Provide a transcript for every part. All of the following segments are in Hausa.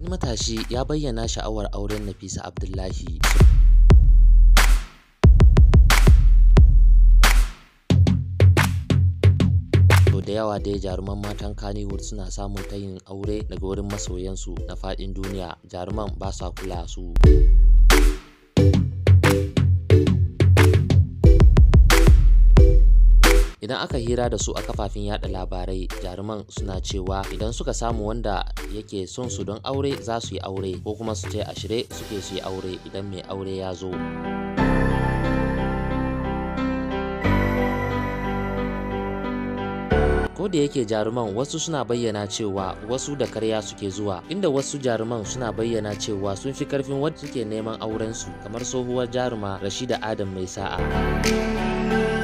Wani matashi ya bayyana sha'awar auren Nafisa Abdullahi. da yawa dai jaruman matan Kannywood suna samun tayin aure daga wurin masoyansu na faɗin duniya jaruman ba sa kula su. idan aka hira da su a kafafen yada labarai jaruman suna cewa idan suka samu wanda yake son su don aure za su yi aure ko kuma su ce a shirye suke su yi aure idan mai aure ya zo. ko da yake jaruman wasu suna bayyana cewa wasu da karya suke zuwa inda wasu jaruman suna bayyana cewa sun fi karfin wadda suke neman auren su kamar tsohuwar jaruma rashida adam mai sa'a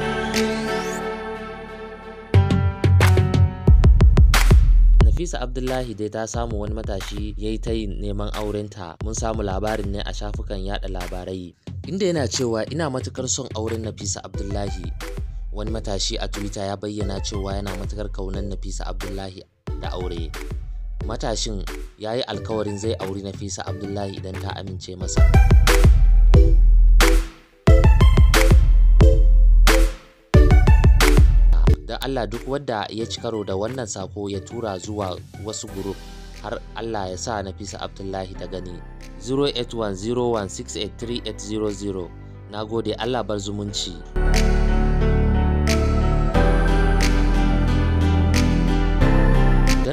Nafisa Abdullahi dai ta samu wani matashi ya yi ta yin neman aurenta mun samu labarin ne a shafukan yada labarai inda yana cewa ina matukar son auren Nafisa Abdullahi wani matashi a Twitter ya bayyana cewa yana matukar kaunar Nafisa Abdullahi da aure matashin ya yi alkawarin zai auri Nafisa Abdullahi idan ta amince masa da Allah duk wanda ya ci karo da wannan sako ya tura zuwa wasu group har Allah ya sa Nafisa Abdullahi ta gani 08101683800 na gode Allah bar zumunci.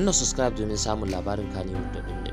na subscribe domin samun labarin kanewu da